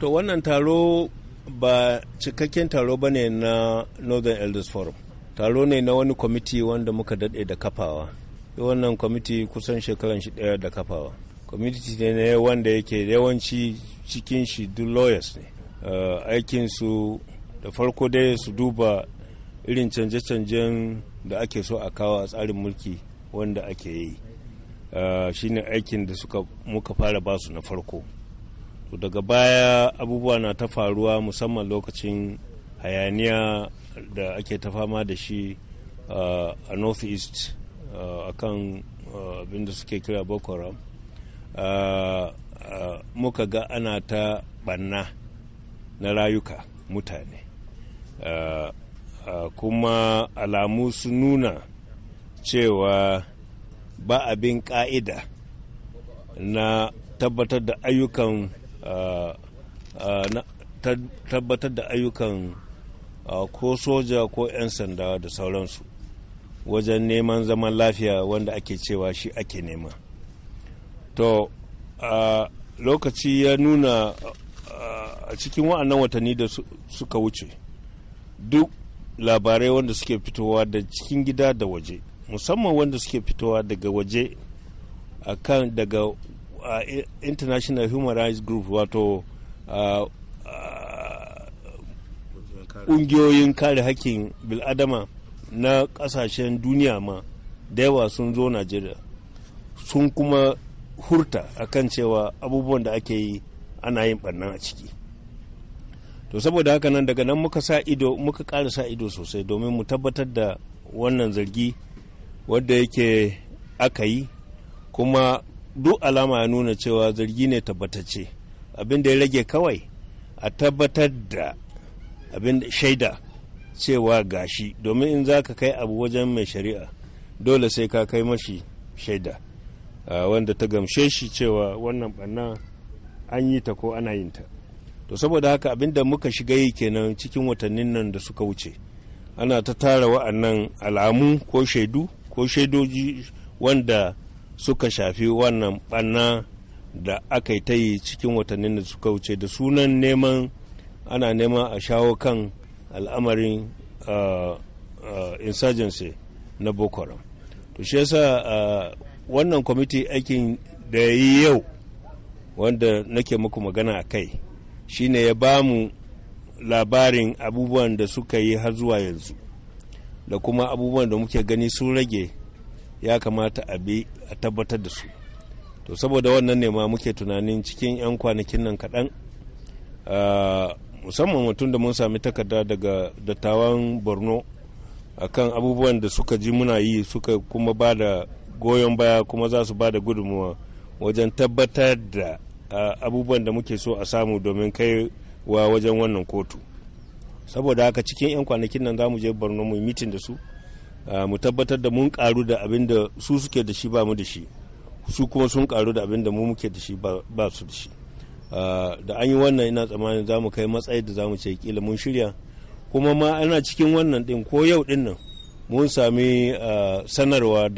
To wannan taro ba cikakken taro ba ne na Northern Elders Forum. Taro ne na wani kwamiti wanda muka daɗe da kafawa. Wannan kwamiti kusan shekaran shi ɗaya da kafawa. Kwamiti ne ne wanda yake yawanci cikin shi duk lawyers ne. Eh, aikinsu da farko dai su duba irin canje-canjen da ake so a kawo a tsarin mulki wanda ake yi. shi eh, shine aikin da suka muka fara basu na farko. to daga baya abubuwa na ta faruwa musamman lokacin hayaniya da ake ta fama da shi uh, a north east uh, a kan uh, abinda suke kira boko haram muka ga ana ta banna na rayuka mutane kuma alamu su nuna cewa ba abin ka'ida na tabbatar da ayyukan tabbatar da ayyukan ah, ko soja ko 'yan sanda da sauransu wajen neman zaman lafiya wanda ake cewa shi ake nema to a ah, lokaci ya nuna ah, a cikin wa'annan watanni da suka wuce duk labarai wanda suke fitowa da cikin gida da waje musamman wanda suke fitowa daga waje akan daga Uh, international human rights group wato uh, uh, ƙungiyoyin kare hakkin bil'adama na ƙasashen duniya ma da yawa sun zo nigeria sun kuma hurta akan cewa abubuwan da ake yi ana yin ɓannan a ciki to saboda haka nan daga nan muka sa ido muka ƙara sa ido sosai domin mu tabbatar da wannan zargi wadda yake aka yi kuma duk alama ya nuna cewa zargi ne tabbatacce abin da ya rage kawai a tabbatar da abin da shaida cewa gashi domin in za ka kai abu wajen mai shari'a dole sai ka kai mashi shaida wanda ta gamshe shi cewa wannan banna an yi ta ko ana yin ta to saboda haka abin da muka shiga yi kenan cikin watannin nan da suka wuce ana ta tara wa'annan alamu ko shaidu ko shaidoji wanda suka shafi wannan ɓanna da aka yi ta yi cikin watannin da suka wuce da sunan neman ana neman a shawo kan al'amarin uh, uh, insurgency na boko to shi yasa uh, wannan kwamiti aikin da ya yi yau wanda nake muku magana a kai shine ya ba mu labarin abubuwan da suka yi har zuwa yanzu da kuma abubuwan da muke gani sun rage ya kamata a bi a tabbatar da su to saboda wannan nema ma muke tunanin cikin 'yan kwanakin nan kaɗan ah, musamman mutum da mun sami takarda daga dattawan borno akan abubuwan da suka ji muna yi suka kuma ba da goyon baya kuma za su ba da gudunmuwa wajen tabbatar da ah, abubuwan da muke so a samu domin kai wa wajen wannan kotu saboda haka cikin 'yan kwanakin nan za mu je borno mu mitin da su Eh, mu tabbatar da mun karu da abin da su suke da shi ba mu da shi su kuma sun karu da abin da mu muke da shi ba su da shi eh, da an yi wannan ina tsammanin za mu kai matsayi da za mu ce kila mun shirya kuma ma ana cikin wannan din ko yau din mun sami eh, sanarwa